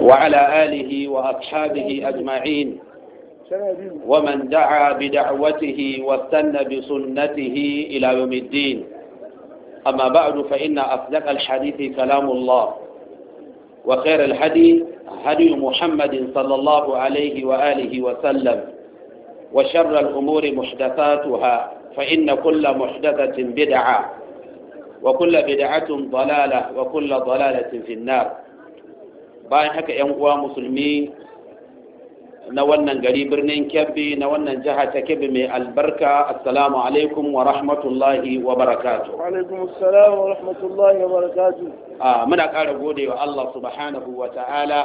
وعلى آله وأصحابه أجمعين ومن دعا بدعوته واستنى بسنته إلى يوم الدين أما بعد فإن أصدق الحديث كلام الله وخير الحديث هدي محمد صلى الله عليه وآله وسلم وشر الأمور محدثاتها فإن كل محدثة بدعة وكل بدعة ضلالة وكل ضلالة في النار bayan haka yan uwa musulmi na wannan gari birnin kebbi na wannan jiha ta kebbi mai albarka assalamu alaikum wa rahmatullahi wa barakatu alaikum wa wa barakatu a muna ƙara gode wa Allah subhanahu wa ta'ala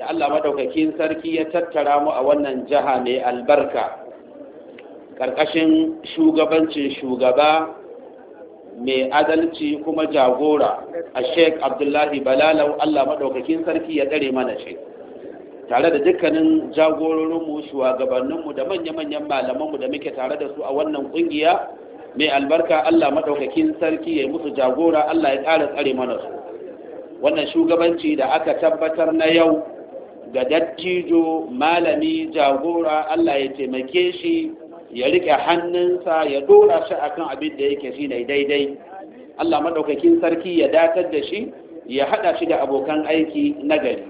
da Allah madaukakin sarki ya tattara mu a wannan jiha mai albarka ƙarƙashin shugabancin shugaba mai adalci kuma jagora a sheik abdullahi balalau allah maɗaukakin sarki ya tsare mana shi tare da dukkanin jagororinmu shugabanninmu da manya-manyan malamanmu da muke tare da su a wannan ƙungiya mai albarka allah maɗaukakin sarki ya yi musu jagora allah ya tsara tsare mana su wannan shugabanci da aka tabbatar na yau ga dattijo malami jagora allah ya taimake shi ya riƙe hannunsa ya dora shi akan abin da yake shi ne daidai Allah maɗaukakin sarki ya datar da shi ya haɗa shi da abokan aiki na gari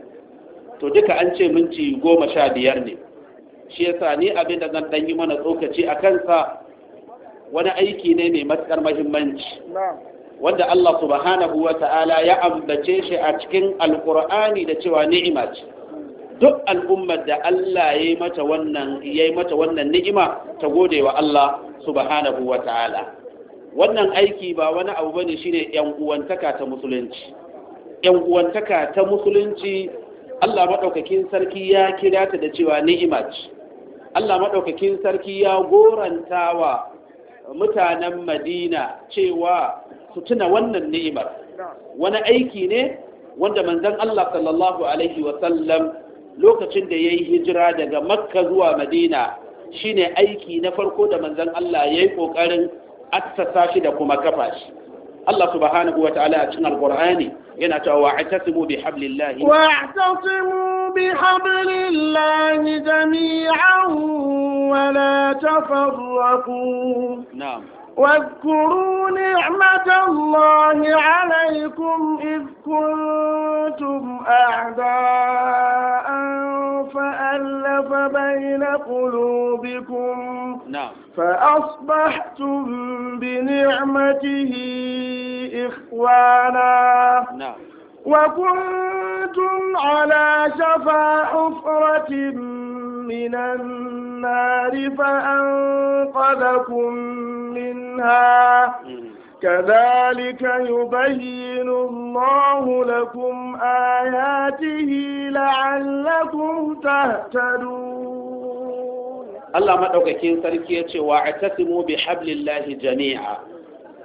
to duka an ce minti goma sha biyar ne shi yasa ni abin da zan ɗan yi mana tsokaci a kansa wani aiki ne mai matuƙar mahimmanci wanda Allah subhanahu wa ta'ala ya ambace shi a cikin alƙur'ani da cewa ni'ima ce duk al'ummar da Allah ya yi mata wannan ya yi mata wannan ni'ima ta gode wa Allah subhanahu wa ta'ala wannan aiki ba wani abu bane shine yan uwantaka ta musulunci yan uwantaka ta musulunci Allah madaukakin sarki ya kira ta da cewa ni'ima ce Allah madaukakin sarki ya gorantawa mutanen Madina cewa su tuna wannan ni'imar wani aiki ne wanda manzon Allah sallallahu alaihi wa lokacin da ya yi hijira daga makka zuwa madina shine aiki na farko da manzan Allah ya yi ƙoƙarin assasa shi da kuma kafa shi Allah subhanahu wa ta'ala a cikin alƙur'ani yana cewa wa'tasimu bi wa'tasimu bi jami'an wa la tafarraqu na'am واذكروا نعمة الله عليكم إذ كنتم أعداء فألف بين قلوبكم نعم فأصبحتم بنعمته إخوانا نعم وكنتم على شفا حفرة من النار فأنقذكم منها كذلك يبين الله لكم آياته لعلكم تهتدون الله ما دوكاكين سركي yace wa atasimu bi hablillahi jami'a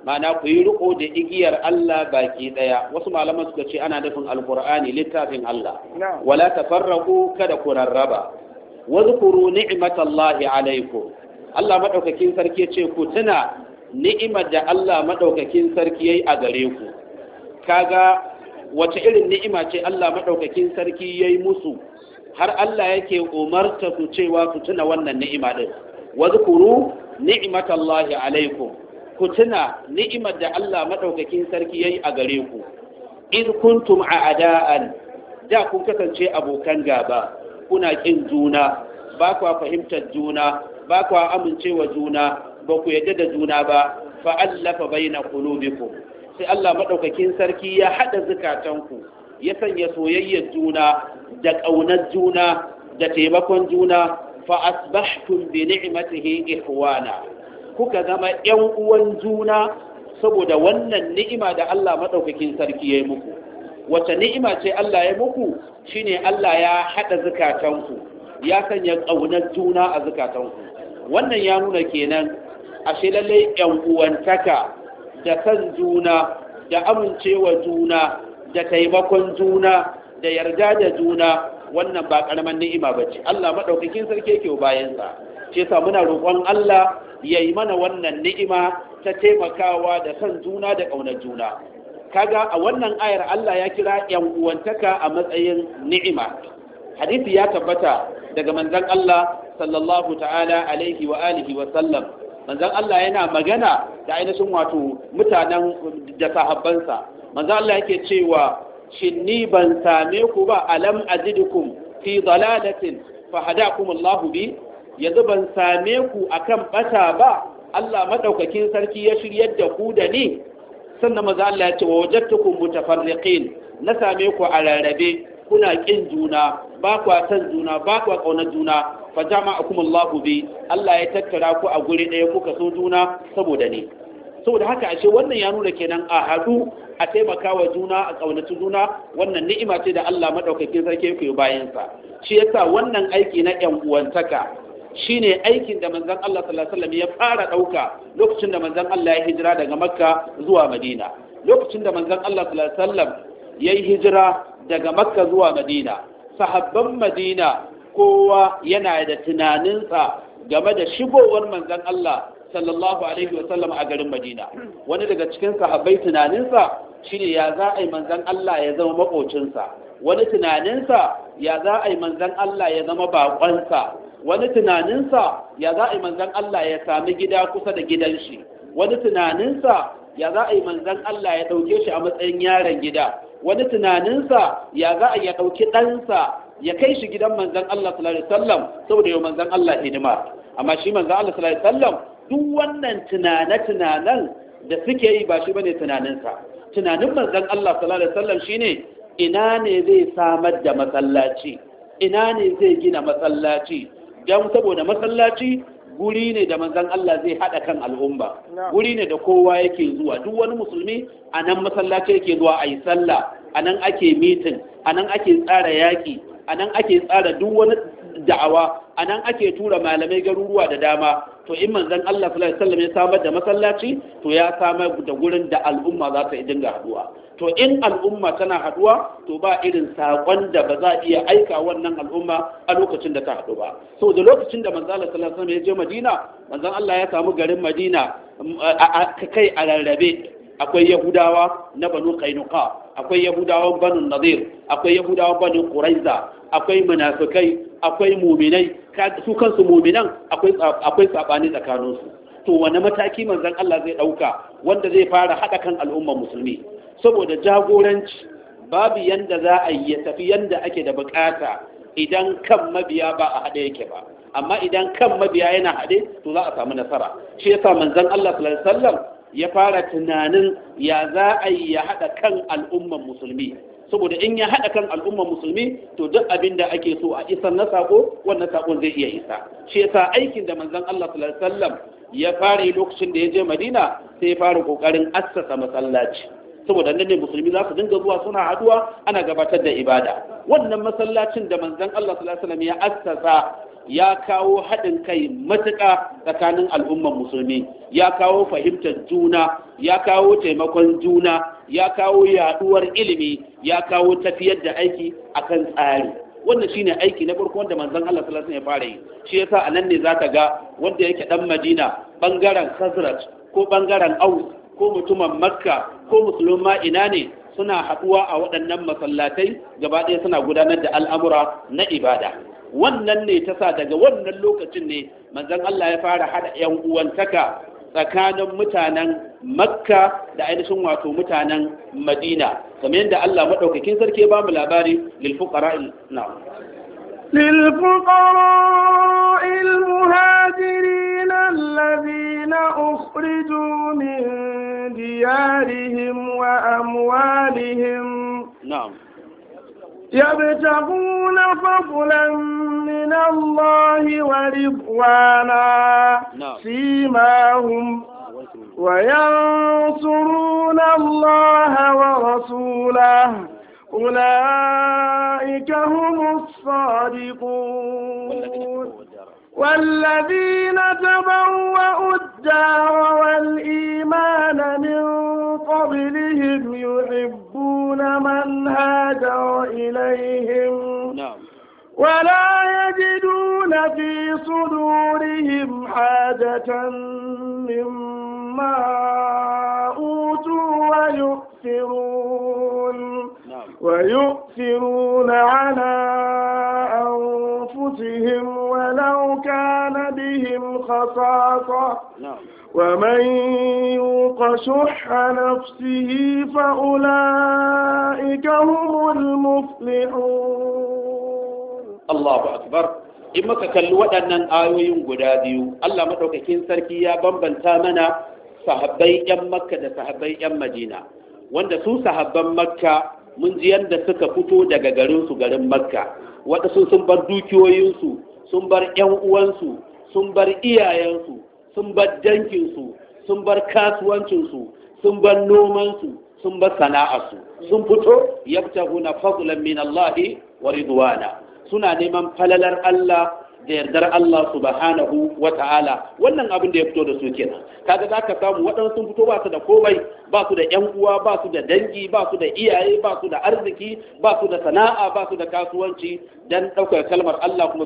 mana ku yi da igiyar Allah baki ɗaya" wasu malaman suka ce ana nufin alqur'ani littafin Allah wala tafarraqu kada ku rarraba wadhkuru ni'matallahi alaikum Allah maɗaukakin sarki ya ce ku tuna ni'imar da Allah maɗaukakin sarki ya a gare ku kaga wace irin ni'ima ce Allah maɗaukakin sarki ya musu har Allah yake umarta su cewa su tuna wannan ni'ima ɗin wazkuru ni'imatallahi alaikum ku tuna ni'imar da Allah maɗaukakin sarki ya a gare ku in kuntum a ada'an da kun kasance abokan gaba kuna ƙin juna ba kwa fahimtar juna ba ku amincewa juna ba ku yadda da juna ba Fa allafa baina qulubikum sai Allah madaukakin sarki ya hada zukatanku ya sanya soyayyar juna da kaunar juna da taimakon juna fa asbahtum bi ni'matihi ihwana kuka zama yan uwan juna saboda wannan ni'ima da Allah madaukakin sarki ya yi muku wace ni'ima ce Allah ya muku shine Allah ya hada zukatanku ya sanya kaunar juna a zukatanku wannan ya nuna kenan ashe lallai yan uwantaka da san juna da amincewa juna da taimakon juna da yarda da juna wannan ba karaman ni'ima bace Allah madaukakin sarki yake bayan sa shi yasa muna roƙon Allah ya yi mana wannan ni'ima ta taimakawa da san juna da ƙaunar juna kaga a wannan ayar Allah ya kira yan uwantaka a matsayin ni'ima hadisi ya tabbata daga manzon Allah sallallahu ta'ala alaihi wa alihi wa sallam manzon Allah yana magana da ainihin wato mutanen da sahabbansa manzon Allah yake cewa shin ni ban same ku ba alam azidukum fi dalalatin fa hadakum Allah bi yanzu ban same ku akan bata ba Allah madaukakin sarki ya shiryar da ku da ni sannan manzon Allah ya ce wajadtukum mutafarriqin na same ku a rarrabe kuna ƙin juna ba kwa san juna ba kwa ƙaunar juna fa jama'akum Allahu bi Allah ya tattara ku a guri ɗaya kuka so juna saboda ne saboda haka ashe wannan ya nuna kenan a haɗu a taimaka wa juna a ƙaunaci juna wannan ni'ima ce da Allah maɗaukakin sarki yake bayansa shi yasa wannan aiki na ƴan uwantaka shine aikin da manzon Allah sallallahu alaihi wasallam ya fara ɗauka lokacin da manzon Allah ya hijira daga Makka zuwa Madina lokacin da manzon Allah sallallahu alaihi wasallam ya yi hijira daga makka zuwa madina sahabban madina kowa yana da tunaninsa game da shigowar manzan Allah sallallahu alaihi wasallam a garin madina wani daga cikin sahabbai tunaninsa shine ya za a yi manzan Allah ya zama makocinsa wani tunaninsa ya za a yi manzan Allah ya zama bakonsa wani tunaninsa ya za a yi manzan Allah ya sami gida kusa da gidan shi wani tunaninsa ya za a yi manzan Allah ya ɗauke shi a matsayin yaron gida wani tunaninsa ya za a ya ɗauki ɗansa ya kai shi gidan manzan Allah sallallahu alaihi wasallam saboda yau manzan Allah hidima amma shi manzan Allah sallallahu alaihi wasallam duk wannan tunane tunanen da suke yi ba shi bane tunaninsa tunanin manzan Allah sallallahu alaihi wasallam shine ina ne zai samar da masallaci ina ne zai gina masallaci don saboda masallaci guri ne da manzan Allah zai haɗa kan al'umma guri ne da kowa yake zuwa duk wani musulmi a nan masallaci yake zuwa a yi sallah a nan ake mitin a nan ake tsara yaƙi a nan ake tsara duk wani da'awa a nan ake tura malamai garuruwa da dama to in manzan Allah sallallahu alaihi wasallam ya samar da masallaci to ya samar da gurin da al'umma za ta dinga haɗuwa to in al'umma tana haduwa to ba irin sakon da ba za a iya aika wannan al'umma a lokacin da ta haɗu ba so da lokacin da manzo Allah sallallahu alaihi wasallam ya je Madina manzon Allah ya samu garin Madina mm, kai a rarrabe akwai Yahudawa na Banu Qainuqa akwai Yahudawa Banu Nadir akwai Yahudawa Banu Quraiza akwai munafikai akwai muminai su kansu muminan akwai akwai sabani tsakaninsu to wani mataki manzon Allah zai dauka wanda zai fara hada kan al'umma musulmi saboda jagoranci babu yanda za a yi ya tafi yanda ake da bukata idan kan mabiya ba a haɗe yake ba amma idan kan mabiya yana haɗe to za a samu nasara shi yasa manzon Allah sallallahu alaihi wasallam ya fara tunanin ya za a yi ya haɗa kan al'umman musulmi saboda in ya haɗa kan al'umman musulmi to duk abin da ake so a isan na sako wannan sakon zai iya isa shi yasa aikin da manzon Allah sallallahu alaihi wasallam ya fara lokacin da ya je Madina sai ya fara kokarin assasa masallaci saboda nan ne musulmi za su dinga zuwa suna haduwa ana gabatar da ibada wannan masallacin da manzon Allah sallallahu alaihi wasallam ya assasa ya kawo haɗin kai matuƙa tsakanin al'ummar musulmi ya kawo fahimtar juna ya kawo taimakon juna ya kawo yaɗuwar ilimi ya kawo tafiyar da aiki akan tsari wannan shine aiki na farko wanda manzon Allah sallallahu alaihi wasallam ya fara yi shi yasa anan ne zaka ga wanda yake dan Madina bangaren Khazraj ko bangaren Aws ko mutumin makka ko musulma ina ne suna haɗuwa a waɗannan masallatai gaba ɗaya suna gudanar da al'amura na ibada wannan ne ta sa daga wannan lokacin ne manzon Allah ya fara haɗa ‘yan uwantaka tsakanin mutanen makka da ainihin wato mutanen madina kamar yadda Allah maɗaukakin sarki ba mu labari lil na lil fuqara الذين أخرجوا من ديارهم وأموالهم نعم يبتغون فضلا من الله ورضوانا نعم. هم وينصرون الله ورسوله أولئك هم الصادقون والذين تبوأوا الدار والإيمان من قبلهم يحبون من هاجر إليهم نعم ولا يجدون في صدورهم حاجة مما أوتوا ويؤثرون نعم. ويؤثرون على أنفسهم ولو كان بهم خصاصة ومن يوق شح نفسه فأولئك هم المفلحون الله أكبر in muka kalli waɗannan ayoyin guda biyu Allah maɗaukakin sarki ya bambanta mana sahabbai 'yan makka da sahabbai 'yan madina wanda su makka mun ji yadda suka fito daga garinsu garin makka wata sun bar dukiyoyinsu sun bar 'yan uwansu sun bar iyayensu sun bar dankinsu sun bar kasuwancinsu sun bar nomansu sun bar sana'arsu sun fito yabtaguna fadlan min Allah wa ridwana suna neman falalar Allah da yardar Allah subhanahu wa ta'ala wannan abin da ya fito da su kenan kaga ka samu waɗansu sun fito ba su da komai ba su da ƴan uwa ba su da dangi ba su da iyaye ba su da arziki ba su da sana'a ba su da kasuwanci dan ɗaukar kalmar Allah kuma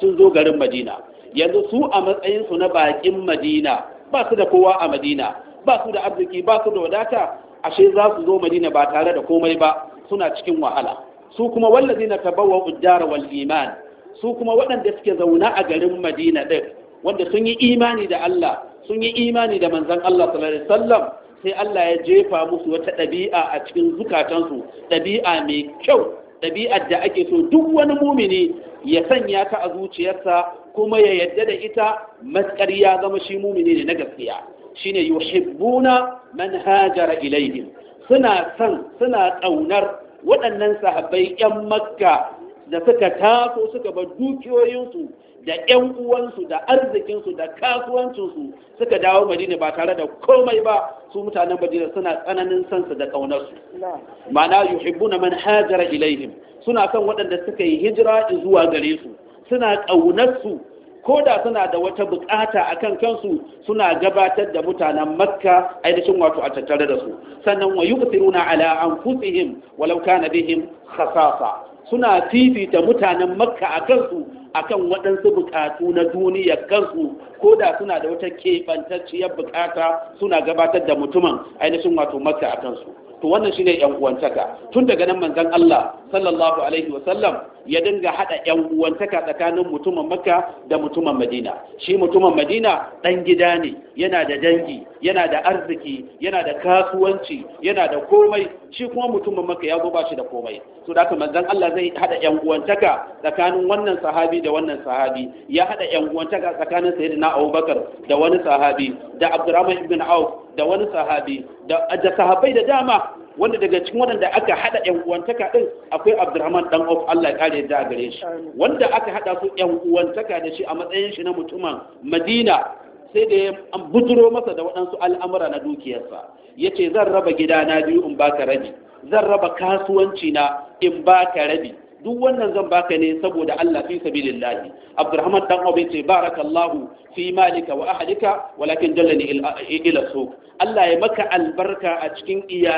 sun zo garin Madina yanzu su a matsayin su na bakin Madina ba su da kowa a Madina ba su da arziki ba su da wadata ashe za su zo Madina ba tare da komai ba suna cikin wahala su kuma wallazina tabawwa'u ad-dar wal iman su kuma waɗanda suke zauna a garin madina ɗin wanda sun yi imani da Allah sun yi imani da manzan Allah sallallahu alaihi wasallam sai Allah ya jefa musu wata ɗabi'a a cikin zukatansu ɗabi'a mai kyau ɗabi'ar da ake so duk wani mumini ya sanya ta a zuciyarsa kuma ya yadda da ita matsar ya zama shi mumini ne na gaskiya shine yuhibbuna man hajara ilaihim suna son suna ƙaunar waɗannan sahabbai 'yan makka da suka taso suka bar dukiyoyinsu da 'yan uwansu da arzikinsu da kasuwancinsu suka dawo madina ba tare da komai ba su mutanen madina suna tsananin sansa da ƙaunarsu mana yuhibbuna man manhajara ilaihim suna kan waɗanda suka yi hijira zuwa gare su suna ƙaunarsu ko da suna da wata bukata a kan kansu suna gabatar da mutanen makka ainihin wato a tattare da su sannan wa yuqsiruna ala anfusihim walau kana bihim khasasa suna fifita mutanen makka a kansu akan waɗansu buƙatu na duniya kansu ko da suna da wata keɓantacciyar buƙata suna gabatar da mutumin ainihin wato makka a kansu to wannan shine yan uwantaka tun daga nan manzon Allah sallallahu alaihi wasallam ya dinga haɗa yan uwantaka tsakanin mutumin makka da mutumin madina shi mutumin madina dan gida ne yana da dangi yana da arziki yana da kasuwanci yana da komai shi kuma mutumin makka ya zo ba shi da komai to da haka manzon Allah zai zai hada yan uwantaka tsakanin wannan sahabi da wannan sahabi ya hada yan uwantaka tsakanin sayyidina Abubakar da wani sahabi da Abdurrahman ibn Auf da wani sahabi da da sahabbai da dama wanda daga cikin waɗanda aka hada yan uwantaka din akwai Abdurrahman dan Auf Allah ya kare da gare shi wanda aka hada su yan uwantaka da shi a matsayin shi na mutumin Madina sai da ya buduro masa da waɗansu al'amura na dukiyarsa ya ce zan raba gidana biyu in baka raji. zan raba kasuwanci na in baka rabi duk wannan zan baka ne saboda Allah fi sabilillahi Abdurrahman dan Abi ce barakallahu fi malika wa ahlika walakin jallani ila suq Allah ya maka albarka a cikin iyali.